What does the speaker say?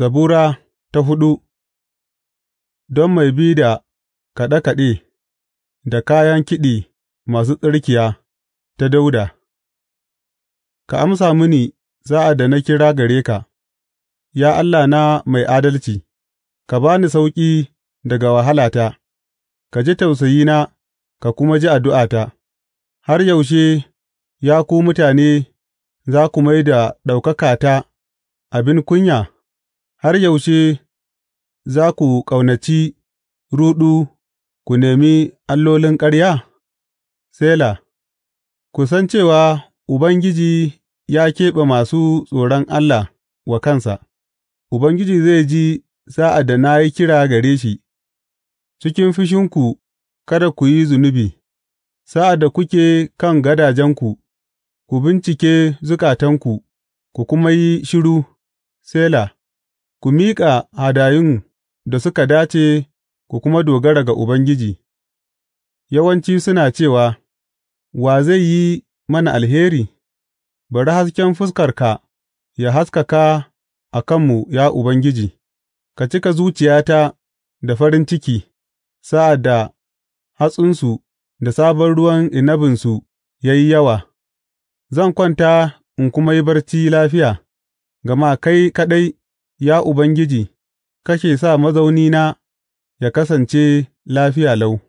Zabura ta huɗu Don mai bi da kaɗe kaɗe da kayan kiɗi masu tsirkiya ta Dauda. Ka amsa mini sa'ad da na kira gare ka, ya allah na mai adalci; ka ba ni sauƙi daga wahalata, ka ji tausayina ka kuma ji addu'ata, har yaushe, ya ku mutane, za ku mai da ɗaukakata abin kunya? Har yaushe za ku ƙaunaci ruɗu ku nemi allolin ƙarya? Sela Ku san cewa Ubangiji ya keɓe masu tsoron Allah wa kansa; Ubangiji zai ji sa'ad da na yi kira gare shi, cikin fushinku kada ku yi zunubi, sa'ad da kuke kan gadajenku, ku bincike zukatanku ku kuma yi shiru, Sela Ku miƙa hadayun da suka dace ku kuma dogara ga Ubangiji; yawanci suna cewa, Wa zai yi mana alheri? Bari hasken fuskarka ya haskaka a kanmu, ya Ubangiji; ka cika zuciyata da farin ciki sa'ad da hatsinsu da sabon ruwan inabinsu ya yi yawa; zan kwanta in kuma yi barci lafiya, gama kai kaɗai. Ya Ubangiji, kake sa mazaunina ya kasance lafiya lau.